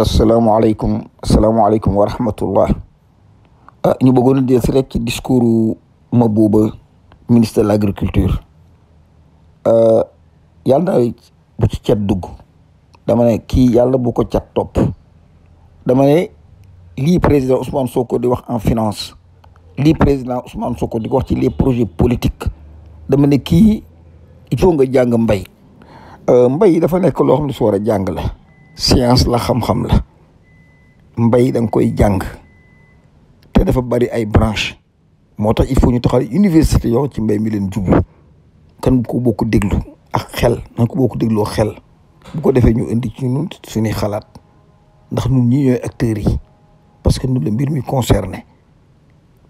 asalaamaaleykum asalaamaaleykum wa rahmatullah ah ñu bëggoon a des rek ci ma Mabouba ministre de l' agriculture ah, yàlla na bu ci cat dugg dama ne kii yàlla bu ko cat topp dama ne lii président Ousmane Sonko di wax en finance lii président Ousmane Sonko di ko ci les projet politique dama ne kii il faut nga jàng mbay ah, mbay dafa nekk loo xam ne su war a jàng la science la xam-xam la mbay da nga koy jàng te dafa bari ay branche moo tax il faut ñu taxal université yoo ci mbay mi leen jublu kan bu ko bokk déglu ak xel na ko bokk dégloo xel bu ko defee ñu indi ci ñun suñuy xalaat ndax ñun ñi ñooy acteurs yi parce que ñun la mbir mi concerné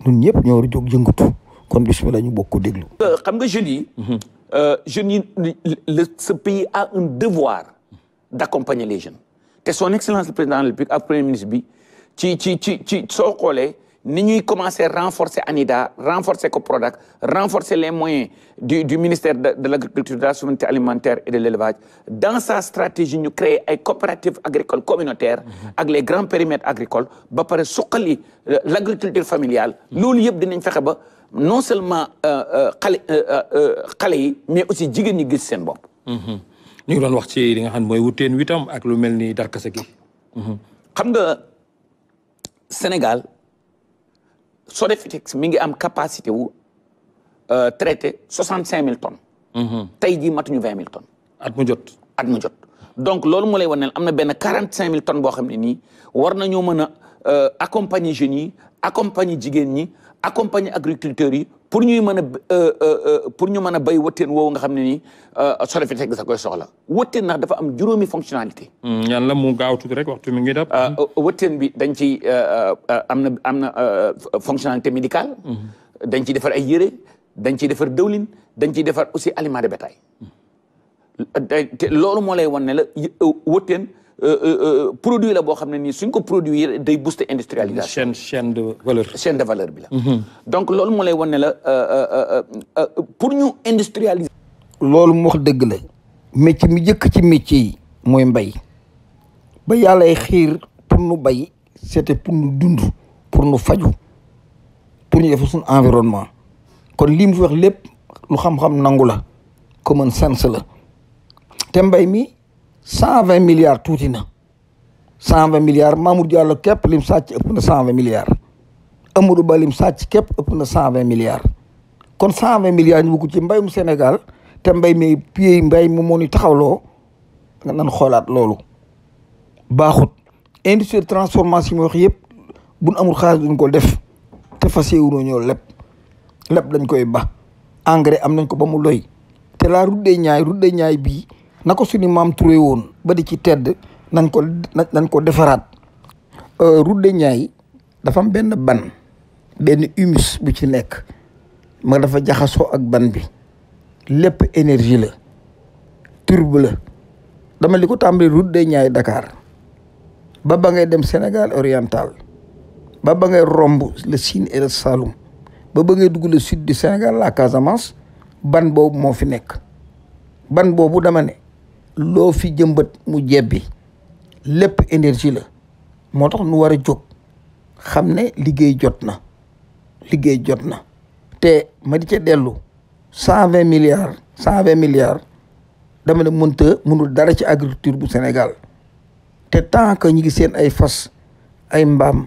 ñun ñëpp ñoo war jog jóg yëngatu kon bismillah ñu bokk ko déglu. Euh, xam nga jeunes yi. Mhm. Euh, jeunes yi le ce pays a un devoir. d'accompagner les jeunes te son excellence le président de la République premier ministre bi ci ci ci ci soo xoolee ni ñuy commencer renforcer ANIDA renforcer ko Prodac renforcer les moyens du du ministère de de l'agriculture de la souveraineté alimentaire et de l'élevage dans sa stratégie ñu créer ay coopératives agricole communautaires mhm. ak les grands périmètres agricoles ba pare suqali euh, l'agriculture familiale loolu yëpp dinañ fexe ba non seulement euh, euh, xale xale yi mais aussi jigéen ñi gis seen bopp mhm. ñu ngi doon wax ci li nga xam ne mooy wuteen witam ak lu mel ni darkase gi. Mhm. xam nga Sénégal Sodefitex mi ngi am capacité wu euh, traité soixante cinq mille tonnes. Mhm. tey jii matuñu vingt mille tonnes. at mu jot at mu jot. donc loolu moo lay wan ne am na benn quarante cinq mille tonnes boo xam ne nii war nañoo mën a euh, accompagner jeunes yi accompagner jigéen ñi. accompagner agriculteurs yi pour ñuy mën a euh, euh, euh, pour ñu mën a béy wëtteen woowu nga xam ne nii Sonefitex da koy soxla wëtteen nax dafa am juróomi fonctionnalité. Hmm, yàlla mu gaaw tuuti rek waxtu mi ngi dab. wëtteen bi dañ ci am na am na fonctionnalité médicale. Hmm. dañ ciy defar ay yére dañ ciy defar dëwlin dañ ciy defar aussi aliment de bétail. Hmm. loolu moo lay wan ne Euh, euh, euh, produit la boo xam ne nii suñ ko produire day booster industrialisation. chaîne chaîne de valeur. chaîne de valeur bi la. Mhm. donc loolu moo lay wan ne la pour ñu industrialiser. loolu moo wax dëgg la. métier mi njëkk ci métier yi. mooy mbay. ba yàllay xiir pour nu bay c'était pour nu dund pour nu faju pour ñu def suñu environnement. kon lii mu fi wax lépp lu xam-xam nangu la common sense la te mbay mi. cent vingt milliards tuuti na cent vingt milliards Mamour Diallo képp lim sàcc ëpp na cent vingt milliards Amadou Ba lim sàcc képp ëpp na cent vingt milliards kon cent vingt milliards ñu bugg ci mbéyum Sénégal te mbéy mi pied mbéy mu moo taxawloo nga nan xoolaat loolu baaxut industrie de transformation yi wax yëpp buñ amul xaalis duñ ko def te fas yéewuñoo ñoo lépp lépp dañ koy ba engrais am nañ ko ba mu doy te laa route des Niayes route des bii na ko suñu maam Touré woon ba di ci tedd nañ ko nañ ko defaraat euh, route de dafa am benn ban benn humus bu ci nekk ma dafa jaxasoo ak ban bi lépp énergie la turbe la dama li ko tàmbali route de Niayes Dakar ba ba ngay dem Sénégal oriental ba ba ngay romb le Sine et le Saloum ba ba ngay dugg le sud de Sénégal la Casamance ban boobu moo fi nekk ban boobu dama ne loo fi jëmbat mu bi lépp énergie la moo tax nu war a jóg xam ne liggéey jot na liggéey jot na te ma di ce dellu cent vingt milliards cent vingt milliards dama ne mënta mënul dara ci agriculture bu Sénégal te tant que ñu ngi seen ay fas ay mbaam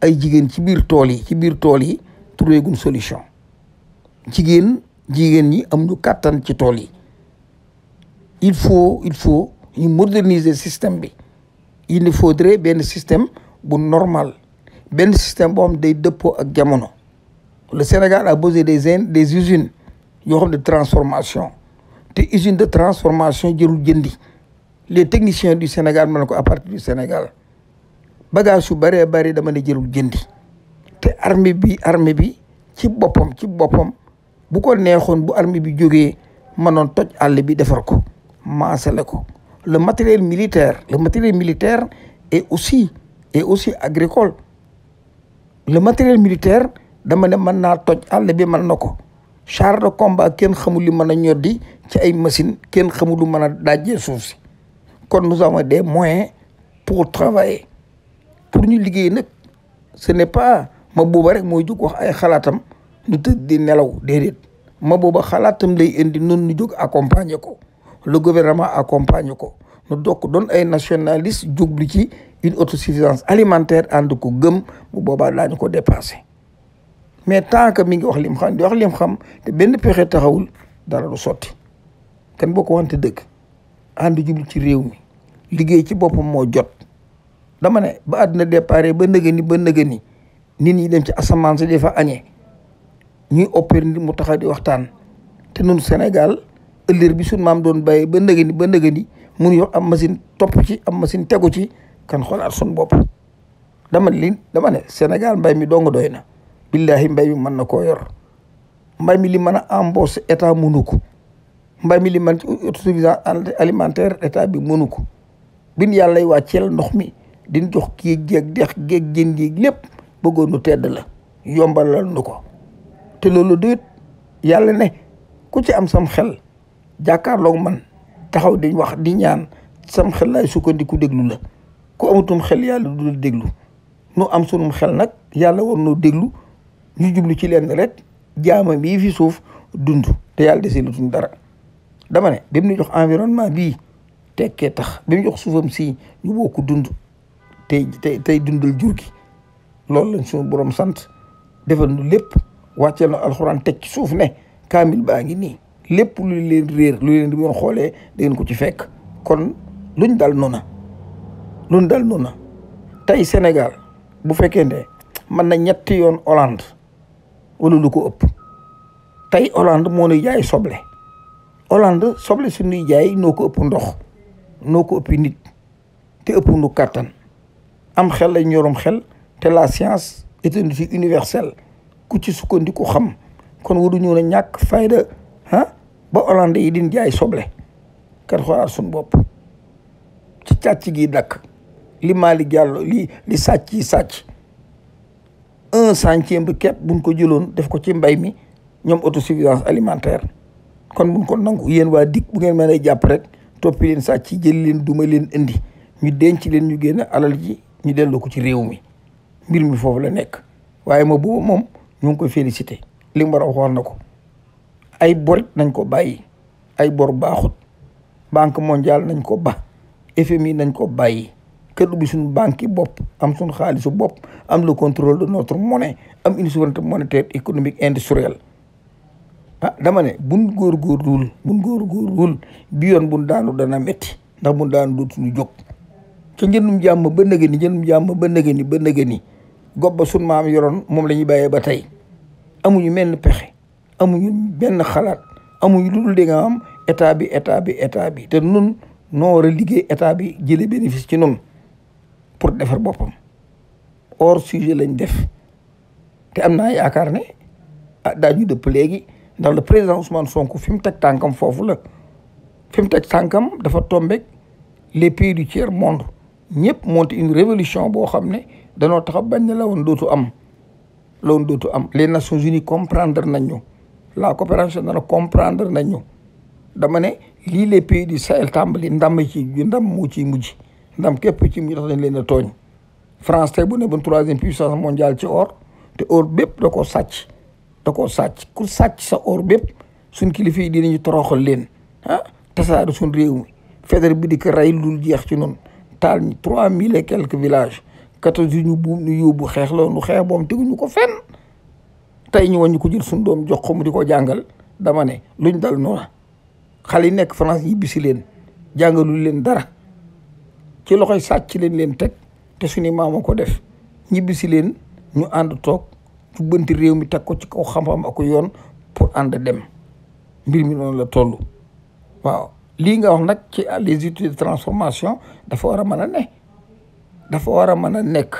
ay jigéen ci biir tool yi ci biir tool yi trouvé solution jigéen jigéen ñi am ñu kàttan ci tool yi il faut il faut ñu moderniser système bi il nous faudrait benn système bu normal benn système boo day dëppoo ak jamono le Sénégal a besoin des des usines yoo xam ne de transformation te usine de transformation jërul jëndi les technicien du Sénégal mën ko à partir du Sénégal bagage yu bëree bëri dama ne jërul jëndi te armée bi armi bi ci boppam ci boppam bu ko neexoon bu armée bi jógee mënoon toj àll bi defar ko maasale ko le matériel militaire le matériel militaire est aussi et aussi agricole la matériel militaire dama ne mën naa toj àll bi mën na ko char de combat kenn xamul li mën a ñoddi ci ay machine kenn xamul lu mën a dajjee suuf si kon nous avons de moyen pour travailler pour ñu liggéey nag ce n'est pas ma booba rek mooy jóg wax ay xalaatam ñu tëdd di nelaw déedéet ma booba xalaatam lay indi noonu nu jóg accompagner ko le gouvernement accompagne ko nu dokk doon ay nationaliste jublu ci une autosuffisance alimentaire ànd ko gëm bu boobaa daañu ko dépassé mais tant que mi ngi wax lim xam di wax lim xam te benn pexe taxawul dara du sotti kenn boo ko wante dëgg ànd jublu ci réew mi liggéey ci boppam moo jot damane ba àdduna déparé ba nëga ni ba nëga nit ñi dem ci asamaan si fa añee ñuy opérer mu taxaw di waxtaan te nun Sénégal ëllëg bi suñ maam doon bàyyi ba ndëgëni ba ndëgëni mun yor am machine topp ci am machine tegu ci kan xoolaat sun bopp dama li dama ne Sénégal mbay mi dong doy na billahi mbay mi mën na ko yor mbay mi li mën a embauché état mënu ko mbay mi li mën autosuffisance alimentaire état bi mënu ko bin yàlla wàcceel ndox mi din jox kii jeeg dex géeg jën lépp bëggoon nu tedd la yombal nu ko te loolu déet yàlla ne ku ci am sam xel jàkkaarloog man taxaw di wax di ñaan sam xel laay sukkandiku déglu la ku xel yàlla du la déglu nu am sunum xel nag yàlla war noo déglu ñu jublu ci leen rek jaama bii fi suuf dund te yàlla desee lu tuñ dara dama ne bi mu jox environnement bii tekkee tax bi mu jox suufam si ñu bokk dund tey tey tey dundal jur gi loolu lañ suñu borom sant defal lépp wàcceel na alxuraan teg ci suuf ne kaamil baa ngi nii lépp lu leen réer lu leen di doon xoolee da ngeen ko ci fekk kon luñ dal noona luñ dal noona tey Sénégal bu fekkee ne mën na ñetti yoon Hollande wala lu ko ëpp tey Hollande moo nuy jaay soble Hollande soble su nuy jaay noo ko ëpp ndox noo ko ëpp nit te ëpp nu kàttan am xel lañ ñorom xel te la science est une ku ci sukkandiku xam kon waruñu na ñàkk fayda ah? ba Hollande yi din jaay soble kat xoolaat suñu bopp ci càcc gi dakk li Mali Diallo li li sàcc yi sàcc un centième bi képp buñ ko jëloon def ko ci mbay mi ñoom autosuffisance alimentaire kon buñ ko nangu yéen waa dikk bu ngeen mën a jàpp rek toppi leen sàcc jël leen duma leen indi ñu denc leen ñu génn alal ji ñu delloo ko ci réew mi mbir mi foofu la nekk waaye ma boobu moom ñu ngi koy félicité li mu war a waxoon na ko ay borit nañ ko bàyyi ay bor baaxut banque mondiale nañ ko ba FMI nañ ko bàyyi kër bi suñu banque bopp am suñ xaalisu bopp am le contrôle de notre monnaie am une souveraineté monétaire économique industrielle ah dama ne buñ góorgóorluwul buñ góorgóorluwul bi yoon buñ daanu dana métti ndax buñ daanu dootuñu jóg ca njëndum jàmm ba nëgë ni njëndum jàmm ba nëgë ni ba nëgë ni gob ba suñu maam yoroon moom la ñuy bàyyee ba tey amuñu mel ni pexe amuñu benn xalaat amuñu lu dul di nga am état bi état bi état bi te nun noo a liggéey état bi jëlee bénéfice ci nun pour defar boppam hors sujet lañ def te am na yaakaar ne a ah, daañu dëpp léegi ndax le président Ousmane Sonko fi mu teg tànkam foofu la fi mu teg tànkam dafa tombek les pays du tiers monde ñëpp monte une révolution boo xam ne danoo taxa bañ ne la woon dootu am la dootu am les nations unies comprendre nañ ñu la coopération dana comprendre nañu dama ne lii les pays du Sahel tàmbali ndam ci ndam moo ci mujj ndam képp ci mujj tax dañ leen a tooñ France tey bu ne ba troisième puissance mondiale ci or te or bépp da koo sàcc da ko sàcc ku sacc sa or bépp suñ kilifa yi dinañu toroxal leen ah tasaare suñ réew mi feder bi di ko rey lul ci noonu taal ñu trois mille et quelques villages quatorze jours ñu buum ñu yóbbu xeex nu xeex boom teguñu ko fen tey ñu wàññi ko jël suñu doom jox ko mu di ko jàngal dama ne luñ dal noona xale yi nekk France yi bisi leen jàngalul leen dara ci loxoy sàcc leen leen teg te suñu maama ko def ñibbi si leen ñu ànd toog jubbanti réew mi teg ko ci kaw xam-xam ak yoon pour ànd dem mbir mi noonu la toll waaw lii nga wax nag ci les études de transformation dafa war a mën a ne dafa war a mën a nekk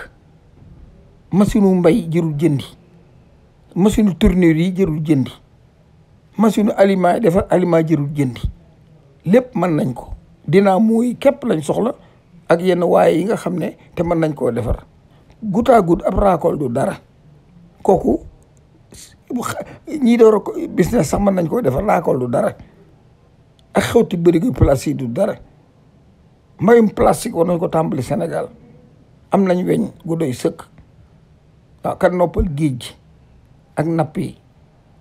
machine u mbay jërul jëndi machine tournure yi jërul jëndi machine aliment yi defar aliment jërul jëndi lépp mën nañ ko dinaa muy képp lañ soxla ak yenn waaye yi nga xam ne te mën nañ koo defar goutte à goutte ab raakool du dara kooku ñii door a business sax man nañ koo defar raakool du dara ak xewti bërigo plastique du dara mayum plastique war nañ ko tàmbali Sénégal am nañ weñ gu doy sëkk waaw kan noppal géej gi ak napp yi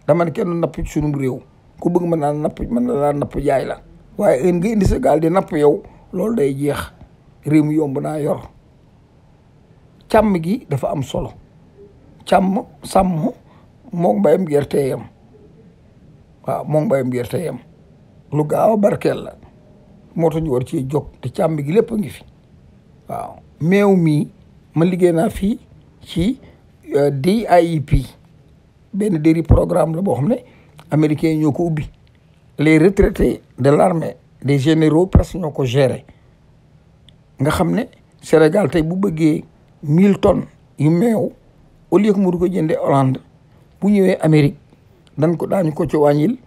dama ne kenn napp sunum réew ku bëgg ma naa napp mën na laa jaay la waaye ën nga indi sa gaal di napp yow loolu day jeex réew mi yomb naa yor càmm gi dafa am solo càmm sàmm moog mbayam gerte yam waaw moog mbayam gerte yam lu gaaw a barkeel la moo tax ñu ci jóg te càmm gi lépp ngi fi waaw meew mii ma liggéey naa fii ci euh, DIP benn dérive programme la boo xam ne américains yi ñoo ko ubbi les retraités de l'armée des généraux presque ñoo ko géré nga xam ne Sénégal tey bu bëggee mille tonnes yu meew au lieu que ko jëndee Hollande bu ñëwee Amérique dañ ko ñu ko ci wàññil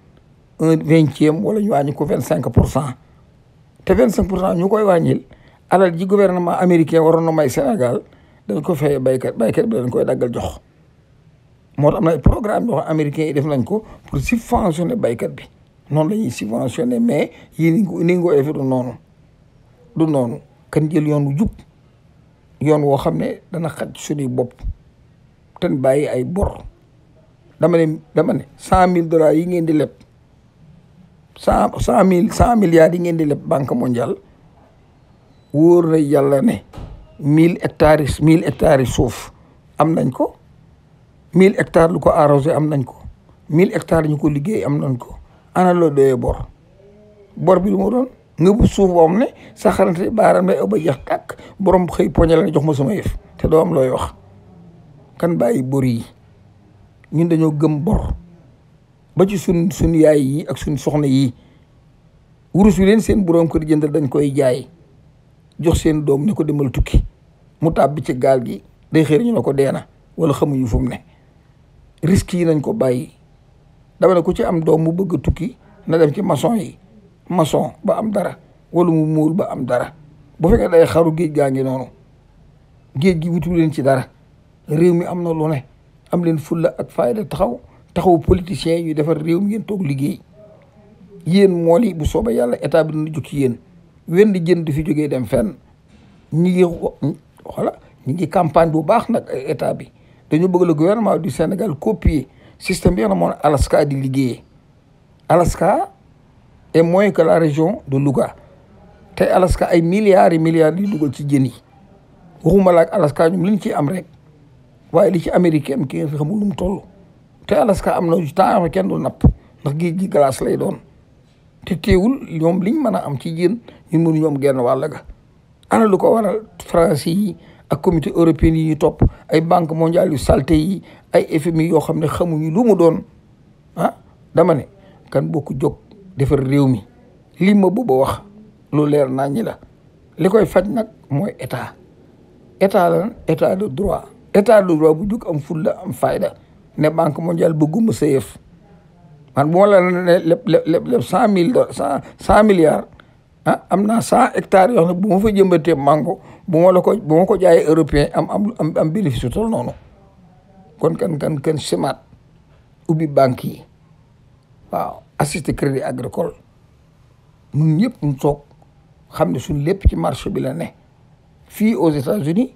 un vingtième wala ñu wàññi ko vingt cinq pour cent te vingt cinq pour cent ñu koy wàññil alal ji gouvernement américain waroon na may Sénégal dañ ko fay baykat baykat bi dañ koy daggal jox moo tax am na programme yoo xam américain yi def nañ ko pour subventionner baykat bi noonu la ñuy subventionner mais yéen ni nga ko defee du noonu du noonu kan jël yoon wu jub yoon woo xam ne dana xaj suñuy bopp te bàyyi ay bor dama ne dama ne cent mille dollars yi ngeen di leb cent mille cent milliards yi ngeen di leb banque mondiale wóor na yàlla ne mille hectares mille hectares suuf am nañ ko. mille hectares lu ko arrosé am nañ ko mille hectares ñu ko liggéey am nañ ko ana loo doyee bor bor bi lu mu doon nga bu suuf boobu ne sa xarante baaraam ba jeex tàkk borom xëy poñe la jox ma sama yëf te doo looy wax kan bàyyi bor yi ñun dañoo gëm bor ba ci sun sun yaay yi ak sun soxna yi wurus wi leen seen borom kër jëndal dañ koy jaay jox seen doom ñu ko demal tukki mu tàbbi ci gaal gi day xëy ñu ne ko deena wala xamuñu fu ne risques yi nañ ko bàyyi dama ne ku ci am doom mu bëgg a tukki na dem ci maçon yi maçon ba am dara wala mu muul ba am dara bu fekkee day xaru géej gaa ngi noonu géej gi wutu leen ci dara réew mi am na lu ne am leen fulla ak fayda taxaw taxaw politiciens yi ñu defar réew mi ngeen toog liggéey yéen mool bu soobee yàlla état bi dina jóg ci yéen di jën di fi jógee dem fen ñi ngi xola ñi campagne bu baax nag état bi dañu bëgg le gouvernement du Sénégal copier système bi nga xamoon Alaska di liggéeyee Alaska est moins que la région de Louga te Alaska ay milliards et milliards di dugal ci jën yi waxuma laak Alaska ñoom liñ ci am rek waaye li ci américain ki nga xamul lu mu toll te Alaska am na temps kenn du napp ndax géej gi glace lay doon te teewul ñoom liñ mën a am ci jën ñun mënu ñoom genn ana lu ko waral français yi ak comité européen yi ñu topp ay banque mondiale yu salte yi ay FMI yoo xam ne xamuñu lu mu doon ah dama ne kan bokk jog defar réew mi lii ma bëgg wax lu leer naa ñi la li koy faj nag mooy état état lan état de droit état de droit bu jóg am fulla am fayda ne banque mondiale bëgguma sa yëf man bu ma la ne lépp lépp cent mille cent milliards ah am naa cent hectares yoo xam ne bu ma fa jëmbatee mango bu ma la ko bu ma ko jaayee européen am am am bénéfice su noonu kon kan kan kan semaat ubbi banque yi waaw assister crédit agricole ñun ñëpp ñu toog xam ne suñ lépp ci marché bi la ne fii aux États-Unis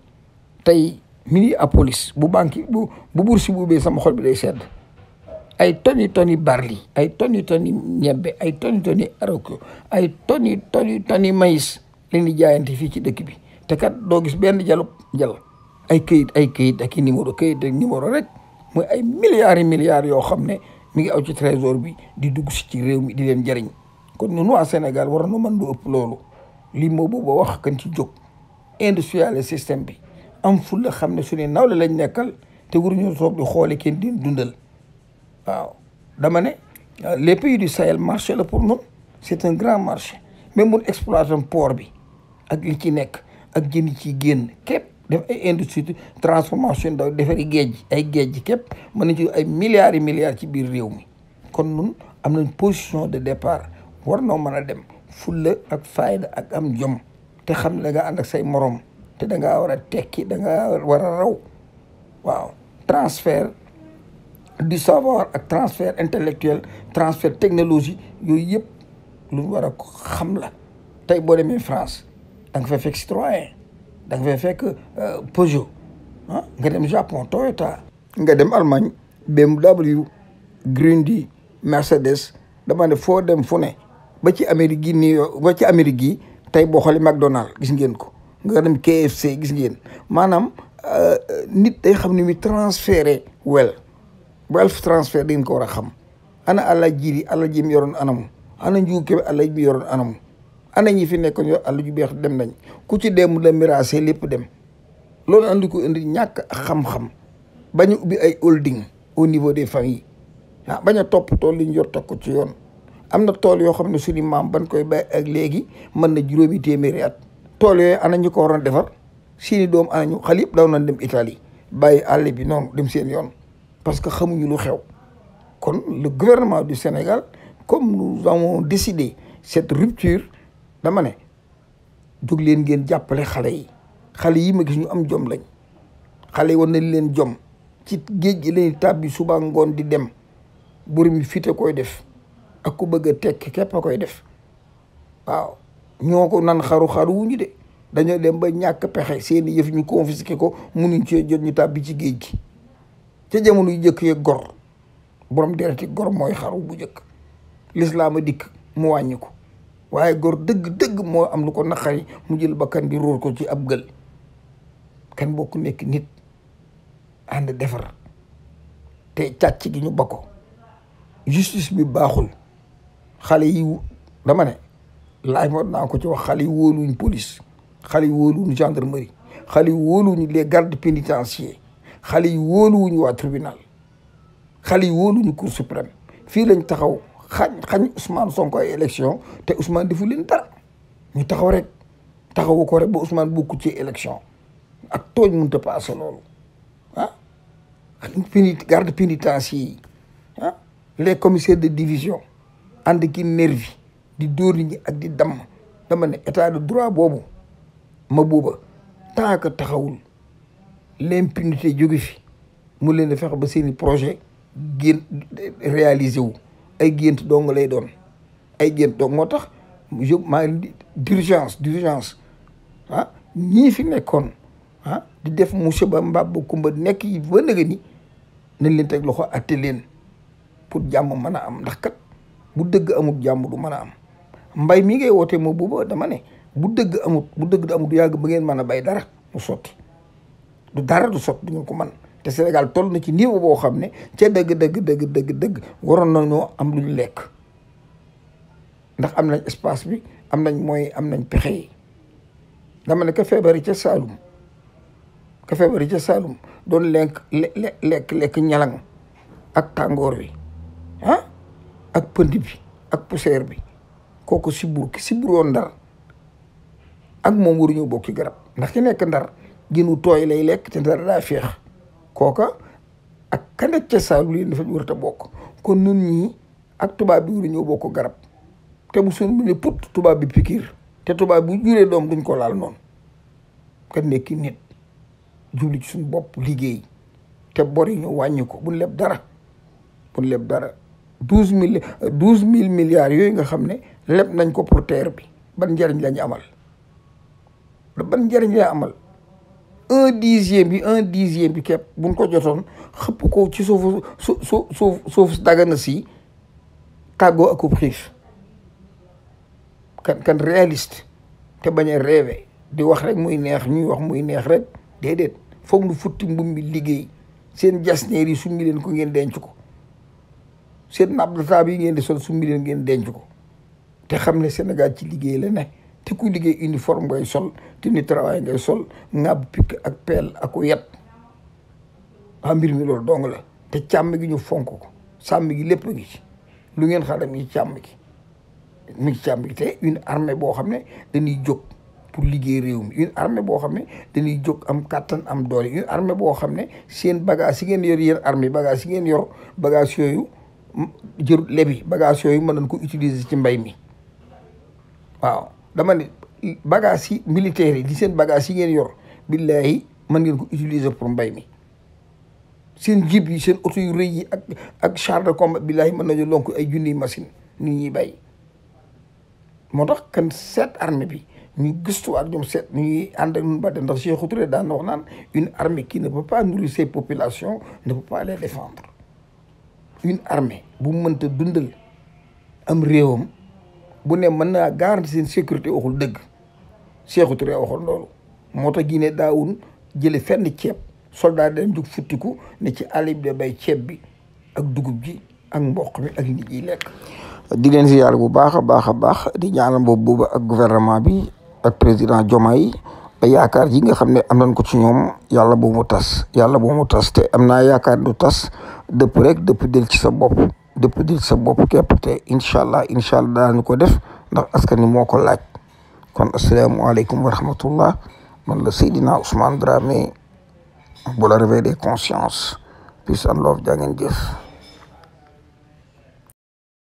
tey Minneapolis bu banque bu bu bourse bu ubbee sama xol bi day sedd ay toni toni barli ay toni toni ñebbe ay toni toni aroko ay toni toni toni maïs li ñu jaayante fii ci dëkk bi te kat doo gis benn jalub jal ay këyit ay këyit ak i numéro këyit ak numéro rek mooy ay milliards yi milliards yoo xam ne mi ngi aw ci trésor bi di dugg si ci réew mi di leen jariñ kon ñun a Sénégal war a na mën lu ëpp loolu lii moo booba wax kan ci jog industrialiser système bi am ful la xam ne su ne nawle lañ nekkal te waruñu toog di xoole kenn di dundal waaw dama ne les du Sahel marché la pour nous c'est un grand marché même mun exploitant port bi ak li ci nekk ak jën yi génn képp def ay industrie de transformation daw defari géej ay géej képp mën nañ ci ay milliards yi ci biir réew mi kon nun am nañ position de départ war noo mën a dem fulla ak fayda ak am jom te xam ne da nga ak say morom te da ngaa war a tekki danga nga war a raw waaw transfert du savoir ak transfert intellectuel transfert technologie yooyu yëpp lu ñu war a xam la tey boo demee France da nga fay fekk Citroën da nga fay fekk euh, Peugeot ah nga dem Japon Toyota nga dem Allemagne BMW Grundy Mercedes dama ne foo dem fu ne ba ci Amérique gi nii ba ci Amérique gi tey boo xoolee McDonald gis ngeen ko nga dem KFC gis ngeen maanaam euh, nit day xam ni muy transféré wel ba Alpha Transfert dañ ko war a xam ana àlla jiiri àlla ji mu yoroon anamu ana njuu kebe àlla ji bi yoroon anamu ana ñi fi nekkoon yor àlla ju beex dem nañ ku ci dem la miraase lépp dem loolu andi ko indi ñàkk xam-xam ubbi ay holding au niveau des familles ah bañ a topp tool li ñu yor teg ko ci yoon am na tool yoo xam ne suñu maam ban koy bay ak léegi mën na juróomi téeméeri at tool yooyu ana ñu ko waroon defar seeni doom ana ñu xal yëpp daw nañ dem Italie bàyyi àll bi noonu dem seen yoon parce que xamuñu lu xew kon le guvernement du Sénégal comme nous avons décidé cette rupture dama ne jóg leen ngeen jàppale xale yi xale yi ma gis ñu am jom lañ xale yi war nañ leen jom ci géej gi lañuy tàbbi suba ngoon di dem borom yi fite koy def ak ku bëgg a tekk képp a koy def waaw ñoo ko nan xaru xaru ñu de dañoo dem ba ñàkk pexe seeni yëf ñu confisqué ko munuñ cee jot ñu tàbbi ci géej gi ca jamono yu jëkk yeeg gor borom dereti gor mooy xaru bu jëkk a dikk mu wàññi ko waaye gor dëgg-dëgg moo am lu ko naqari mu jël bakkan bi róor ko ci ab gël kan bokk nekk nit ànd defar te càcc gi ñu ba ko justice bi baaxul xale yi dama ne laaj moo naa ko ci wax xale yi wóoluñ police xale yi wóoluñ gendarmerie xale yi wóoluñ les gardes xale yi wóoluwuñu waa tribunal xale yi wóoluwuñu cour suprême fii lañ taxaw xañ xañ Sonko ay élection te Ousmane defu leen dara ñu taxaw rek taxawu ko rek ba Ousmane bokku ci élection ak tooñ mënut a passé loolu ah pénit garde pénitentiaire yi ah les commissaires de division ànd ki nervi di dóor nit ñi ak di damm dama ne état de droit boobu ma booba tant que taxawul l'impunité jóge fi mu leen di fex ba seeni projet génn réalisé wu ay gént dong lay doon ay gént dong moo tax je maa d'urgence d'urgence ah ñii fi nekkoon ah di def musiba mbab kumba nekk yi ba nga ni nañ leen teg loxo atte leen pour jàmm mën a am ndax kat bu dëgg amut jàmm du mën a am mbay mi ngay woote moo booba dama ne bu dëgg amut bu dëgg amut du yàgg ba ngeen mën a bay dara mu sotti du dara du sot du ñu ko man te Sénégal toll na ci niveau boo xam ne ca dëgg dëgg dëgg dëgg dëgg waroon nañoo am lu ñu lekk ndax am nañ espace bi am nañ mooy am nañ pexe yi dama ne ka feebari ca Saalum ka feebari ca Saalum doon lekk lekk lekk ak tàngoor bi ah ak pënd bi ak poussière bi kooku sibur ki ndar ak moom waruñu ci garab ndax ki nekk ndar ginu tooy lay lekk te dara daa féex kooka ak ka nekk ca saalu leen dafa war a bokk kon nun ñii ak tubaab bi war ñëw bokk garab te bu sun bi ne put tubaab bi pikiir te tubaab bu juree doom duñ ko laal noonu ka nekki nit jubli ci suñu bopp liggéey te bor yi ñu wàññi ko buñ leb dara buñ leb dara douze mille douze mille milliards yooyu nga xam ne leb nañ ko pour terre bi ban njariñ lañu amal ban njariñ la amal un dixième bi un dixième bi képp buñ ko jotoon xëpp ko ci suufu su su suuf suuf dagana si tàggoo ak xiif kan kan réaliste te bañ a rêvé di wax rek muy neex ñuy wax muy neex rek déedéet foog nu futti mbum mi liggéey seen jasneer yi summi leen ko ngeen denc ko seen napp yi ngeen di sol summi leen ngeen denc ko te xam ne Sénégal ci liggéey la ne te kuy liggéey uniforme ngay sol te ni travail ngay sol ŋàbb pikk ak peel ak yet waa mbir mi loolu dong la te càmm gi ñu fonk ko sàmm gi lépp gi ci lu ngeen xaaral mi càmm gi mi ngi càmm gi te une armée boo xam ne dañuy jóg pour liggéey réew mi boo xam ne dañuy jóg am kàttan am doole une armée boo xam ne seen bagage si ngeen yor yéen armée bagage yi ngeen yor bagage yooyu jër lebi bagage yooyu mën nañ ko utiliser ci mbay mi waaw dama ne bagage yi militaires yi di seen bagage yi ngeen yor billahi mën ngeen ko utiliser pour mbay mi seen jib yi seen oto yu rëy yi ak ak char de combat billahi mën nañu lonk ay junniy machine nit ñuy bay moo tax kan seet armée bi ñu gëstu ak ñoom seet ñu ñuy ànd ak ñun ba ndax Sékou Touré daan na wax naan une armée qui ne peut pas nourrir ses populations ne peut pas les une armée bu mënta dundal am réewam bu ne mën naa garanti seen sécurité waxul dëgg Sékou Touré waxoon loolu moo tax Guinée daawun jële fenn ceeb soldat dañ jug futtiku ne ci àll bi bay ceeb bi ak dugub ji ak mboq mi ak nit yi lekk di leen ziyaar bu baax a baax a baax di ñaanal boobu boobu ak gouvernement bi ak président Diomaye a yaakaar ji nga xam ne am nañ ko ci ñoom yàlla bu mu tas yàlla bu mo tas te am naa yaakaar du tas dëpp rek dëpp del ci sa bopp depuis di sa bopp képp te incha allah incha allah daañu ko def ndax askan wi moo ko laaj kon asalaamaaleykum wa rahmatullah man la Seydina Ousmane Dramé bu la réveil des consciences peace and love jaa ngeen jëf